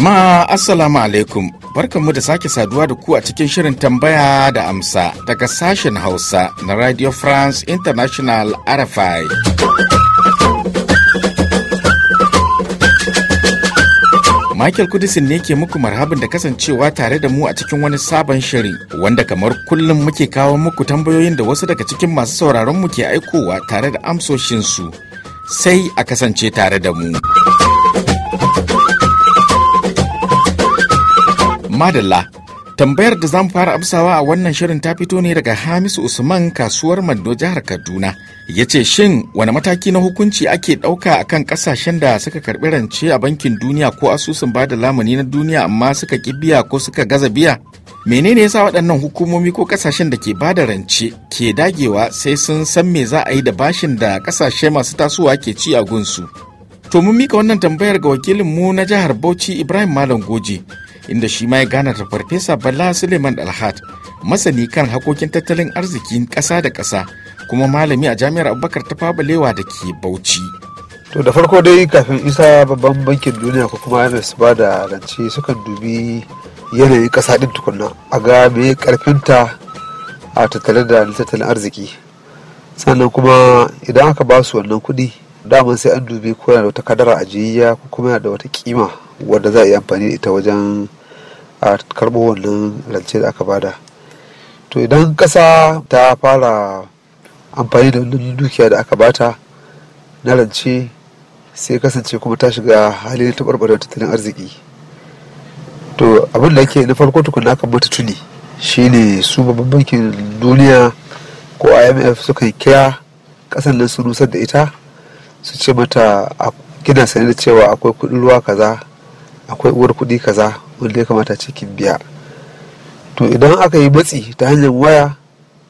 Jama'a Assalamu alaikum barkanmu da sake saduwa da ku a cikin shirin tambaya da amsa daga sashen Hausa na Radio France International RFI. Michael Kudisin ne ke muku marhabin da kasancewa tare da mu a cikin wani sabon shiri wanda kamar kullum muke kawo muku tambayoyin da wasu daga cikin masu sauraron mu ke aikowa tare da amsoshinsu sai a kasance tare da mu. madalla tambayar da zamu fara amsawa a wannan shirin ta fito ne daga hamisu usman kasuwar mando jihar kaduna ya ce shin wani mataki na hukunci ake ɗauka a kan ƙasashen da suka karɓi rance a bankin duniya ko asusun bada lamuni na duniya amma suka ƙi biya ko suka gaza biya menene yasa waɗannan hukumomi ko ƙasashen da ke bada rance ke dagewa sai sun san me za a yi da bashin da ƙasashe masu tasowa ke ci a gunsu to mun mika wannan tambayar ga wakilinmu na jihar bauchi ibrahim malam Goje. inda shi ma ya gana da farfesa bala suleiman alhat masani kan hakokin tattalin arzikin kasa da kasa kuma malami a jami'ar abubakar ta fabalewa da ke bauchi to da farko dai kafin isa babban bankin duniya ko kuma imf ba da rance sukan dubi yanayin kasa din tukunna a ga me ta a tattalin da tattalin arziki sannan kuma idan aka ba su wannan kuɗi daman sai an dubi ko yana da wata kadara ajiyayya ko kuma yana da wata kima wadda za a yi amfani da ita wajen a karɓo wannan rance da aka bada to idan ƙasa ta fara amfani da wannan dukiya da aka bata na rance sai kasance kuma ta shiga hali halin taɓarɓarar tattalin arziki to abin da ke na farko tukuna kan mata tuni shine su babban bankin duniya ko imf suka yi kira ƙasan nan su nusar da ita su ce mata kina sani da cewa akwai kuɗin ruwa kaza akwai uwar kuɗi kaza wanda ya kamata ce ki biya to idan aka yi matsi ta hanyar waya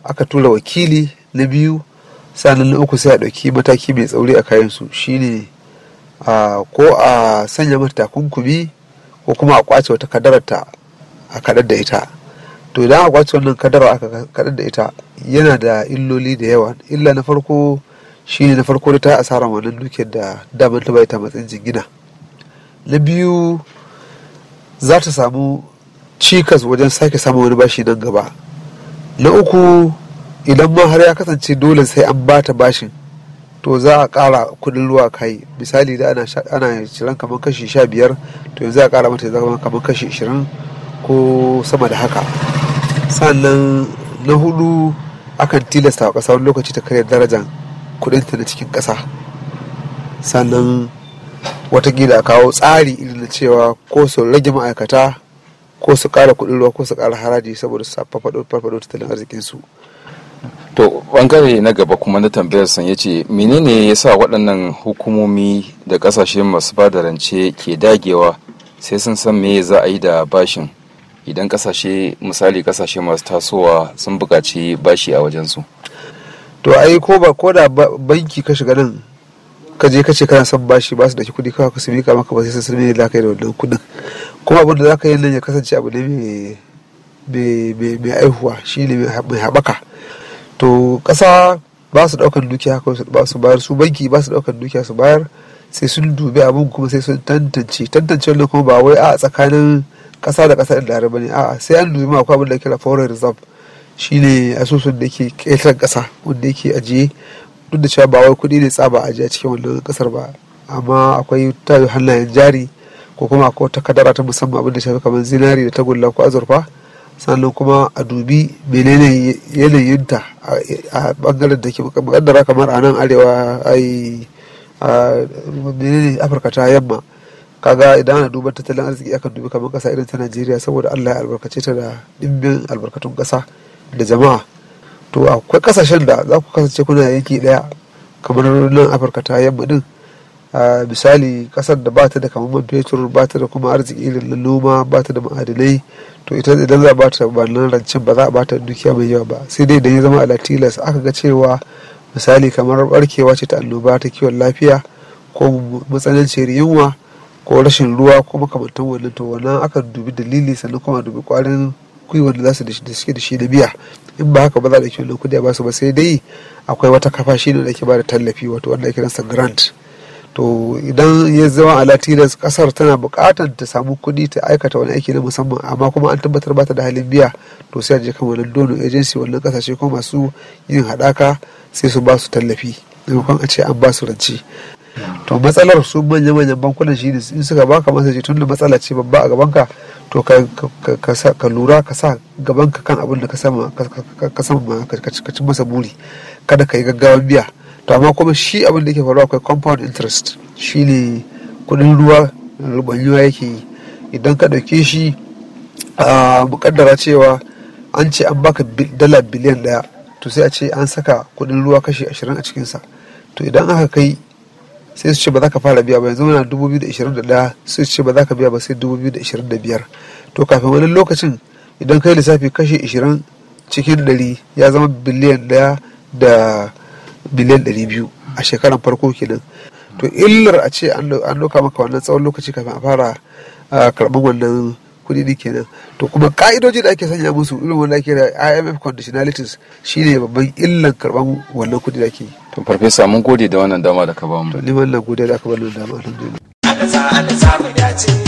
aka tura wakili na biyu sannan na uku sai a ɗauki mataki mai tsauri a kayansu shine ko a sanya mata takunkumi ko kuma a kwace wata kadararta a kadar da ita to idan a kwace wannan kadara aka kadar da ita yana da illoli da yawa illa na farko shine na farko da ta asara wannan dukiyar da damar ta bai ta matsayin jingina na biyu za ta samu cikas wajen sake samun wani bashi nan gaba na uku idan ma har ya kasance dole sai an ba ta bashin to za a ƙara kudin ruwa kai misali da ana ciran kamar kashi sha biyar to yanzu a kara mata ya zama kamar kashi ishirin ko sama da haka sannan na hudu akan tilasta wa ƙasa wani lokaci ta karya darajan kudinta na cikin ƙasa sannan watakila a kawo tsari irin na cewa ko su rage ma'aikata ko su kara kudin ruwa ko su kara haraji saboda su farfado farfaɗo tattalin arzikin su to bangare na gaba kuma na tambayar san ya ce menene ya sa waɗannan hukumomi da ƙasashe masu ba da rance ke dagewa sai sun san me za a yi da bashin idan ƙasashe misali ƙasashe masu tasowa sun buƙaci bashi a wajensu to ai ko ba ko da banki ka shiga nan ka je ka ce kana son bashi ba su da kuɗi kawai ka su mika maka ba sai sun san da ka yi da wannan kuɗin kuma abin da za ka yi nan ya kasance abu ne mai aihuwa shi ne mai haɓaka to ƙasa ba su ɗaukar dukiya kawai su ba su bayar su banki ba su ɗaukar dukiya su bayar sai sun dubi abin kuma sai sun tantance tantance wannan kuma ba wai a tsakanin ƙasa da ƙasa da ba ne a'a sai an dubi ma akwai abin da kira foreign reserve shine asusun da ke ƙetaren ƙasa wanda yake ajiye duk da cewa ba wai kuɗi ne tsaba ji a cikin wannan kasar ba amma akwai tayo hannayen jari ko kuma akwai wata kadara ta musamman abin da shafi kamar zinari da tagulla ko azurfa sannan kuma a dubi menene yanayinta a bangaren da ke makaddara kamar a nan arewa ai menene afirka ta yamma kaga idan ana duba tattalin arziki aka dubi kamar kasa irin ta najeriya saboda allah ya albarkace ta da dimbin albarkatun kasa da jama'a to akwai kasashen da za ku kasance kuna yanki daya kamar nan afirka ta yamma din misali kasar da bata da kamar man fetur bata da kuma arziki irin na noma bata da ma'adinai to ita idan za bata ba nan rancen ba za a bata dukiya mai yawa ba sai dai idan ya zama alatilas aka ga cewa misali kamar barkewa ce ta annoba ta kiwon lafiya ko matsananciyar yunwa ko rashin ruwa ko makamantan wannan to wannan aka dubi dalili sannan kuma dubi kwarin gwiwar da za su da suke da shi da biya in ba haka ba za a ɗauki kuɗi ba su ba sai dai akwai wata kafa shi ne da ake ba da tallafi wato wanda ake kiransa grant to idan ya zama a tilas kasar tana bukatar ta samu kuɗi ta aikata wani aiki na musamman amma kuma an tabbatar ba ta da halin biya to sai a je kan wani dono agency wannan kasashe ko masu yin haɗaka sai su ba su tallafi maimakon a ce an ba su rance to matsalar su manya manyan bankunan shi ne in suka baka masa tun da matsala ce babba a gabanka to ka lura ka sa gaban ka kan abin da ka sama ka ci masa buri kada ka yi gaggawan biya to amma kuma shi abin da yake faruwa akwai compound interest shi ne kudin ruwa rubanyuwa yake yi idan ka ɗauke shi a mukaddara cewa an ce an baka dala biliyan daya to sai a ce an saka kudin ruwa kashi ashirin a cikinsa to idan aka kai sai su ce ba za ka fara biya ba yanzu muna 2021 sai su ce ba za ka biya ba sai 2025 to kafin wani lokacin idan kai lissafi kashi 20 cikin 100 ya zama biliyan 1 da biliyan 200 a shekaran farko kenan to illar a ce an doka maka wannan tsawon lokaci kafin a fara ah, karɓar wannan kudi kenan to kuma ka'idoji da ake sanya musu irin wanda ake da IMF conditionalities shine babban illan karban wannan kudi da ake yi to farfesa mun gode da wannan dama da ka ba mu to ni wannan gode da ka ba mu dama alhamdulillah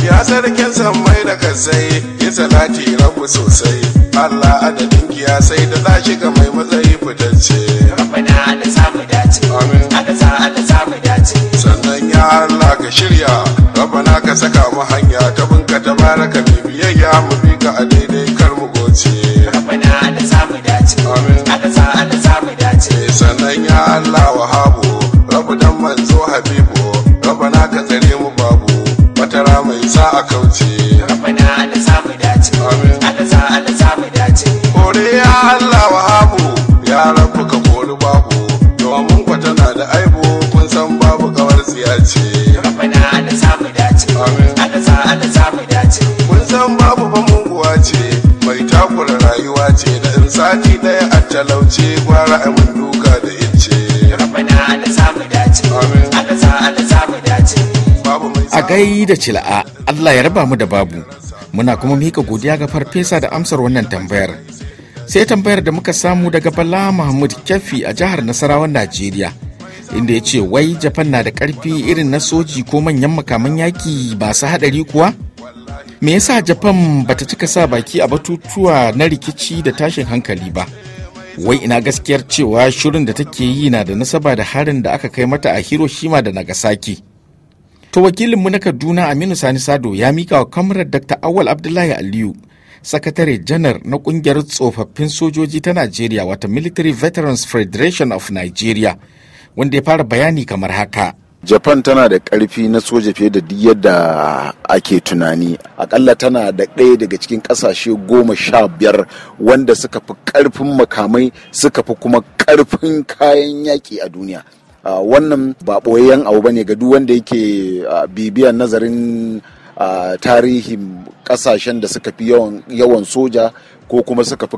ya sarkin san mai da kasai ya salati rabu sosai Allah adadin giya sai da za shiga mai matsayi fitacce rabbana Allah samu dace amin Allah samu dace sannan ya Allah ka shirya ka saka mu hanya ta bunka ta baraka mai biyayya mu bi ka a daidai kar mu goce rabbana Allah za mu dace amin Allah mu dace eh, sannan ya Allah wahabu rabu dan manzo habibu rabbana ka tsare mu babu matara mai sa a kauce talauci gwara a mun duka da ice a gai da cila'a Allah ya raba mu da babu muna kuma mika godiya ga farfesa da amsar wannan tambayar sai tambayar da muka samu daga bala mahmud kafi a jihar nasarawan najeriya inda ya ce wai japan na da karfi irin na soji ko manyan makaman yaki ba su hadari kuwa me yasa japan bata cika sa baki a batutuwa na rikici da tashin hankali ba wai ina gaskiyar cewa shirin da take yi na da nasaba da harin da aka kai mata a hiroshima da nagasaki to wakilinmu na kaduna aminu sani sado ya mika wa kamarar dr awal abdullahi aliyu sakatare janar na kungiyar tsofaffin sojoji ta najeriya wata military veterans federation of nigeria wanda ya fara bayani kamar haka japan tana da karfi na soja fiye da duk yadda ake tunani akalla tana da ɗaya daga cikin ƙasashe goma sha biyar wanda suka fi ƙarfin makamai suka fi kuma ƙarfin kayan yaƙi a duniya wannan ba ɓoyayyen abu ba ne ga duk wanda yake bibiya bibiyar nazarin tarihin ƙasashen da suka fi yawan soja ko kuma suka fi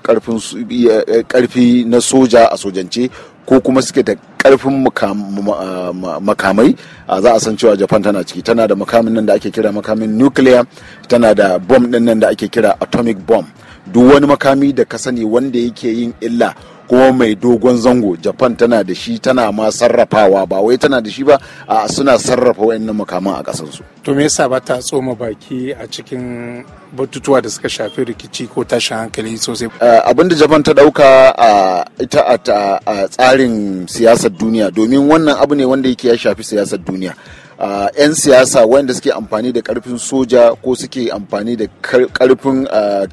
karfi eh, na soja a sojance ko kuma suke da karfin ah, makamai ah, za a san cewa japan tana ciki tana da makamin nan da ake kira makamin nuclear tana da bom din nan da ake kira atomic bomb duk wani makami da ka sani wanda yake yin illa kuma mai dogon zango japan tana da shi tana ma sarrafawa ba wai tana da shi ba a suna sarrafa wayannan makaman a su. to me yasa ba ta tsoma baki a cikin batutuwa da suka shafi rikici ko tashin hankali sosai abin da japan ta dauka a ita a tsarin siyasar duniya domin wannan abu ne wanda yake ya shafi siyasar duniya 'yan siyasa wanda suke amfani da karfin soja ko suke amfani da karfin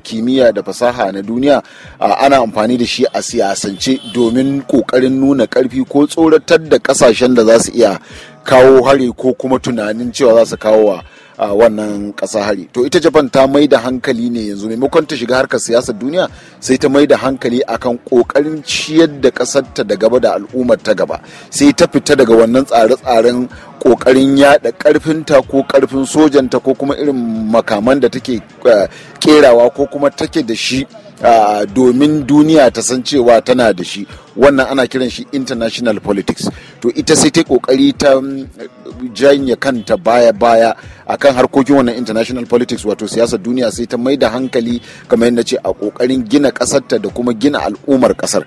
kimiyya da fasaha na duniya ana amfani da shi a siyasance domin kokarin nuna karfi ko tsoratar da kasashen da za su iya kawo hari ko kuma tunanin cewa za su kawo wa a wannan ƙasa hari to ita japan ta mai da hankali ne yanzu maimakon ta shiga harkar siyasar duniya sai ta mai da hankali akan ƙoƙarin ciyar da ƙasarta da gaba da al'ummar ta gaba sai ta fita daga wannan tsare-tsaren ƙoƙarin yaɗa ƙarfinta ko ƙarfin sojanta ko kuma irin makaman da take kerawa eh, ko kuma take da shi ah, domin duniya ta san cewa tana da shi wannan ana kiran shi international politics to ita sai ta kokari ta mm, janye kanta baya-baya akan harkokin wannan international politics wato siyasar duniya sai ta mai da hankali kamar yadda ce a kokarin gina kasarta da kuma gina al'ummar kasar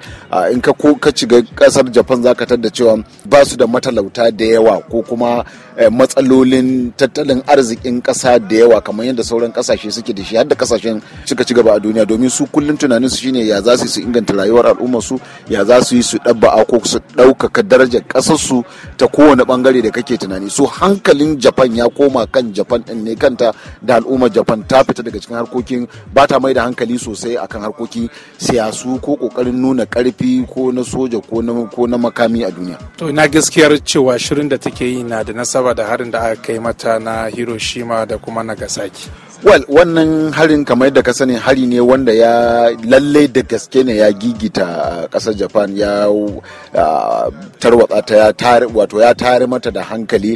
in ka ko ka shiga kasar japan za ka da cewa ba su da matalauta da yawa ko kuma eh, matsalolin tattalin arzikin kasa da yawa kamar yadda sauran kasashe suke da shi hadda kasashen suka ci gaba a duniya domin su kullum tunanin su shine ya za su inganta rayuwar al'ummar su ya za su yi su ɗabba ko su ɗaukaka darajar ƙasarsu ta kowane ɓangare da kake tunani so hankalin japan ya koma kan japan ɗin ne kanta da al'ummar japan ta fita daga cikin harkokin ba ta mai da hankali sosai akan harkokin siyasu ko ƙoƙarin nuna ƙarfi ko na soja ko na ko na makami a duniya to ina gaskiyar cewa shirin da take yi na da nasaba da harin da aka kai mata na hiroshima da kuma nagasaki well wannan harin kamar yadda ka sani hari ne wanda ya lalle da gaske ne ya gigita kasar japan ya tarwatsa ta ya tare wato ya mata da hankali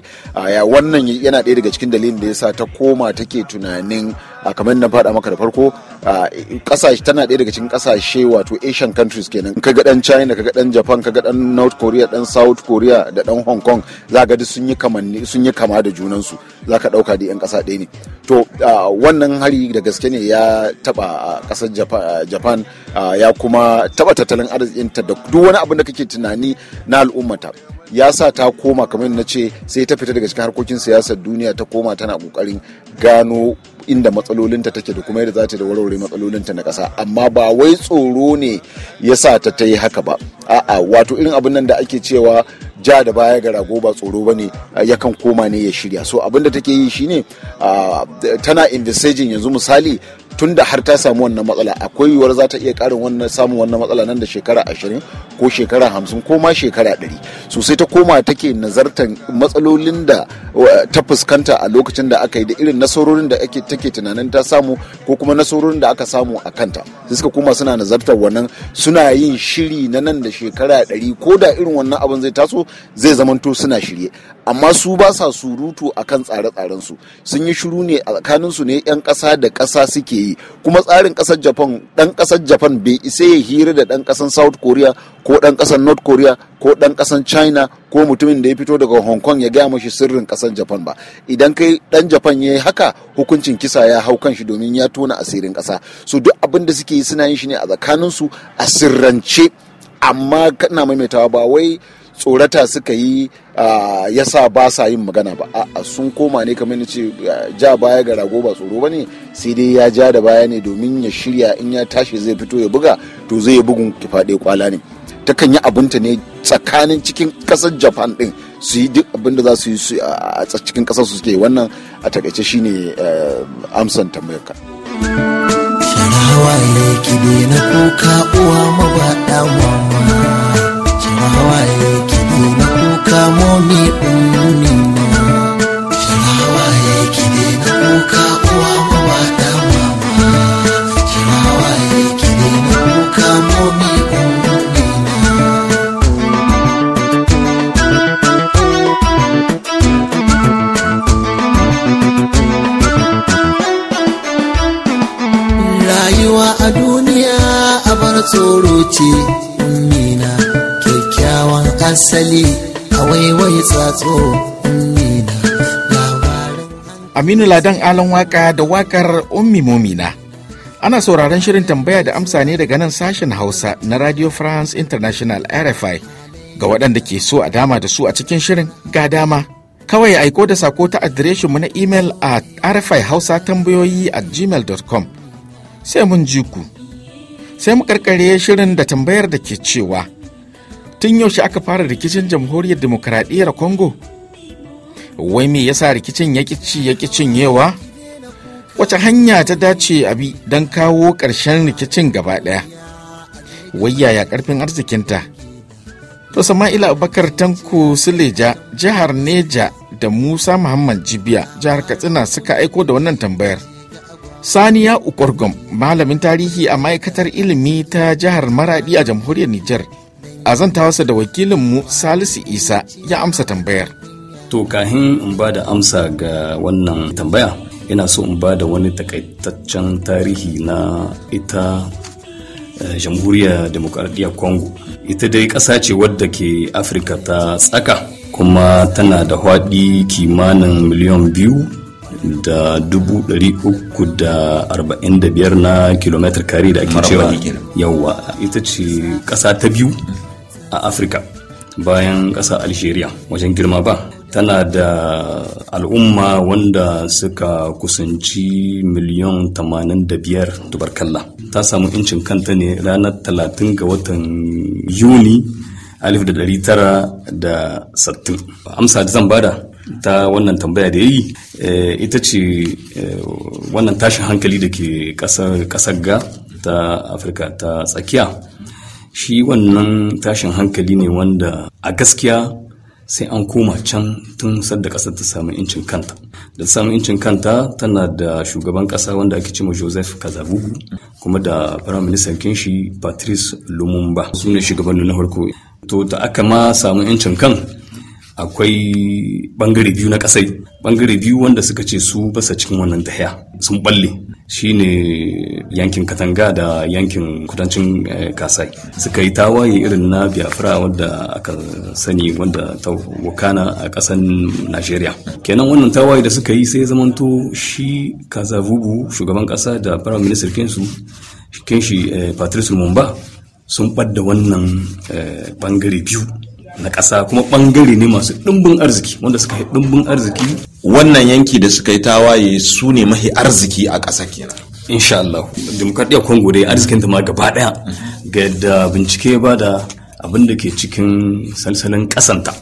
ya wannan yana ɗaya daga cikin dalilin da ya sa ta koma take tunanin kamar na faɗa maka da farko kasashe tana ɗaya daga cikin kasashe wato asian countries kenan ka ga dan china ka ga dan japan ka ga dan north korea dan south korea da dan hong kong za ga sun yi kamanni sun yi kama da junansu za ka ɗauka da yan kasa ɗaya ne to wannan hari da gaske ne ya taɓa ƙasar japan ya kuma taɓa tattalin arzikinta da duk wani abin da kake tunani na al'ummata ya sa ta koma kamar na ce sai ta fita daga cikin harkokin siyasar duniya ta koma tana kokarin gano inda matsalolinta take da kuma yadda za ta da warware matsalolinta na kasa amma ba wai tsoro ne ya sa ta ta yi haka ba a'a wato irin abin nan da ake cewa ja da baya ga rago ba tsoro ba ne yakan koma ne ya shirya so abin da take yi shine ah, tana indisejin yanzu misali tun da har ta samu wannan matsala akwai yiwuwar za ta iya karin wannan samun wannan matsala nan da shekara ashirin ko shekara hamsin ko ma shekara ɗari sosai ta koma take nazartan matsalolin da ta fuskanta a lokacin da aka yi da irin nasarorin da ake take tunanin ta samu ko kuma nasarorin da aka samu a kanta sai suka koma suna nazartar wannan suna yin shiri na nan da shekara ɗari ko da irin wannan abin zai taso zai zamanto suna shirye amma su ba sa surutu akan tsare tsarensu sun yi shiru ne a tsakaninsu su ne yan ƙasa da ƙasa suke yi kuma tsarin ƙasar Japan dan ƙasar Japan bai isa ya hira da dan ƙasar South Korea ko dan ƙasar North Korea ko dan ƙasar China ko mutumin da ya fito daga Hong Kong ya gaya mashi sirrin ƙasar Japan ba idan kai ɗan Japan ya yi haka hukuncin kisa ya hau kan shi domin ya tona asirin ƙasa su duk abin da suke yi suna yin shi ne a tsakaninsu a sirrance amma kana maimaitawa ba wai tsorata suka yi ya sa ba sa yin magana ba a sun koma ne kamar ce ja baya ga rago ba tsoro ba ne sai dai ya ja da baya ne domin ya shirya in ya tashi zai fito ya buga to zai yi bugun kifaɗe kwala ne takan yi abinta ne tsakanin cikin ƙasar japan ɗin su yi duk abin da za su yi a cikin ƙasar su suke wannan a takaice shine amsan tambayarka. Sharawa ya na kuka uwa mabaɗa mama. Luna. Aminu Ladan Alon Waka da wakar Ummi Momina Ana sauraron shirin tambaya da amsa ne daga nan sashen Hausa na Radio France International RFI. Ga waɗanda ke so a dama da su a cikin shirin ga dama. Kawai aiko da sako ta mu na imel a RFI Hausa tambayoyi a gmail.com. Sai mun ji ku. Sai mu karkare shirin da tambayar da ke cewa. Tun yaushe aka fara rikicin jamhuriyar demokaradiyyar Congo? wai me yasa rikicin ya ci ya cinyewa wace hanya ta dace abi don kawo ƙarshen rikicin gaba ɗaya wai yaya ƙarfin arzikinta to sama'ila abubakar tanko suleja jihar neja da musa muhammad jibiya jihar katsina suka aiko da wannan tambayar saniya ukorgom malamin tarihi a ma'aikatar ilimi ta jihar maradi a jamhuriyar nijar a zantawarsa da wakilinmu salisu isa ya amsa tambayar to kahin in ba da amsa ga wannan tambaya ina so in ba da wani takaitaccen tarihi na ita eh, jamhuriyar demokradiyyar congo ita dai ƙasa ce wadda ke afirka ta tsaka kuma tana da haɗi kimanin miliyan biyu da dubu ɗari uku da arba'in da biyar na kilometar kare da ake cewa yawa ita ce ƙasa ta biyu a afirka bayan ƙasa algeria wajen girma ba tana da al'umma wanda suka kusanci miliyan 85 tubarkalla ta samu incin kanta ne ranar 30 ga watan yuni 1960 amsa da zan bada ta wannan tambaya da ya yi eh, ita ce eh, wannan tashin hankali da ke kasar ga ta afirka ta tsakiya shi wannan tashin hankali ne wanda a gaskiya sai an koma can tun sadda kasar ta samu incin kanta da samun incin kanta tana da shugaban ƙasa wanda ake cima joseph kazabugu kuma da minister kinshi patrice lumumba su ne shugabanni na farko to da aka ma samu incin kan akwai bangare biyu na kasai bangare biyu wanda suka ce su basa cikin wannan tahiya sun balle shine yankin katanga da yankin kudancin eh, kasai suka yi tawaye irin na biafra wadda aka sani wadda ta wakana a kasan nigeria kenan wannan tawaye da suka yi sai zamanto shi kazavubu shugaban kasa da prime minister kensu kenshi eh, patrice lumumba sun ɓadda wannan eh, bangare biyu na ƙasa kuma ɓangare ne masu ɗimbin arziki wanda suka yi ɗimbin arziki wannan yanki da suka yi tawaye su ne mahi arziki a ƙasa kenan insha Allah demokradiyyar kongo dai arzikin ta ma gaba ɗaya ga yadda bincike ba da abin da ke cikin salsalin ƙasanta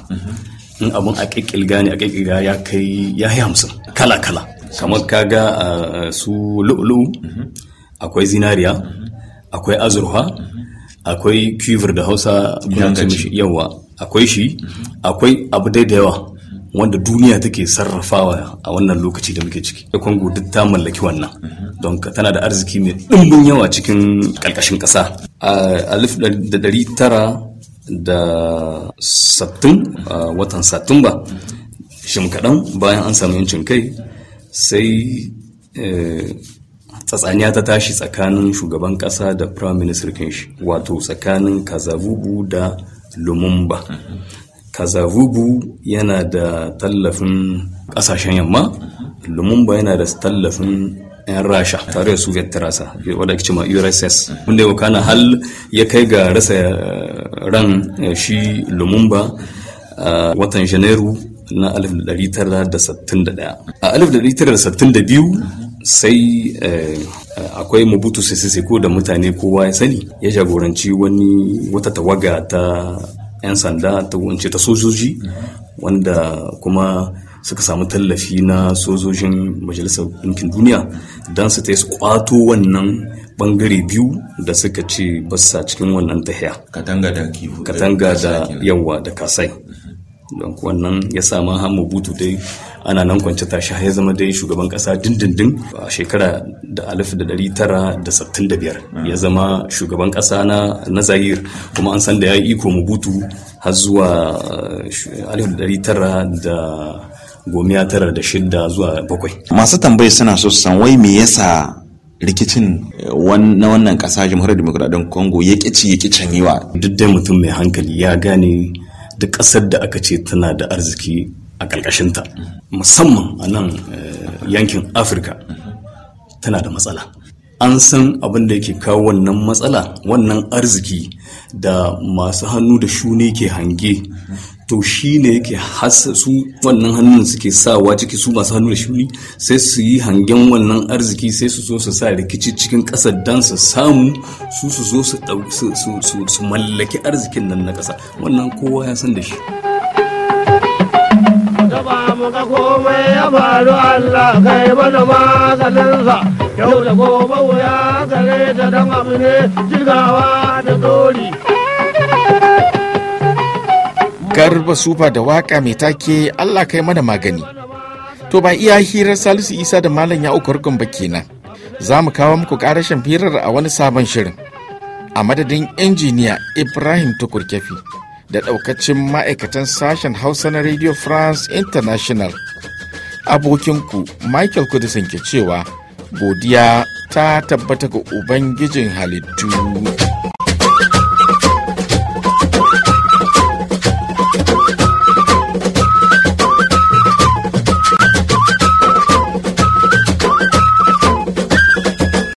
in abin a ƙiƙilga ne a ƙiƙilga ya kai ya yi hamsin kala kala kamar kaga su lu'lu akwai zinariya akwai azurfa akwai kivir da hausa yawa akwai shi akwai abu dai da yawa wanda duniya take sarrafawa a wannan lokaci da muke ciki kongo duk ta mallaki wannan don tana da arziki mai ɗimbin yawa cikin ƙarƙashin ƙasa a da da tara 1960 watan satumba shim kaɗan bayan an samu yancin kai sai e, tsatsaniya ta tashi tsakanin shugaban ƙasa da prime minister kinshi wato tsakanin kazabubu da lumumba kazavubu yana da tallafin ƙasashen yamma lumumba yana da tallafin 'yan rasha tare da soviet terasa wadda ake cewa urss wanda ya kana hal ya kai ga rasa eh, ran eh, shi lumumba a eh, watan janairu na 1961 a 1962 sai akwai mubutu sisi siku da mutane kowa ya sani ya jagoranci wani wata tawaga ta 'yan sanda ta wance ta sojoji wanda kuma suka samu tallafi na sojojin majalisar ɗinkin duniya don su ta su kwato wannan bangare biyu da suka ce basa cikin wannan tahiya katanga da yawa da kasai don wannan ya sa ma hamma butu dai ana nan kwance tashi ya zama dai shugaban kasa dindindin a shekara da alif da dari tara da sattin da biyar ya ah. zama shugaban kasa na na zahir kuma an san da ya yi iko mubutu har zuwa eh, alif da dari tara da gomiya tara da shidda zuwa bakwai masu tambayi suna so su san wai me yasa rikicin eh, na wannan kasa jamhuriyar demokradin congo ya ƙici ya ƙi canyewa duk dai mutum mai hankali ya gane duk ƙasar da aka ce tana da arziki a ƙarƙashinta musamman a nan eh, yankin afirka tana da matsala an san abin da yake kawo wannan matsala wannan arziki da masu hannu da shuni ke hange to shi ne yake hasa su wannan hannun suke sawa ciki su masu hannu da shuni sai su yi hangen wannan arziki sai su zo su sa rikici cikin kasar dan su samu su su zo su mallaki arzikin nan na kasa wannan kowa ya san da shi komai ya Allah kai yau da gobe wuya gare ta don abu ne jigawa da dori. garba sufa da waka mai take allah kai mana magani to ba iya hirar salisu isa da malam ya uku rukun ba kenan za mu kawo muku karashin firar a wani sabon shirin a madadin injiniya ibrahim tukurkefi da daukacin ma'aikatan sashen hausa na radio france international abokinku michael kudisin ke cewa godiya ta tabbata ga ubangijin halittu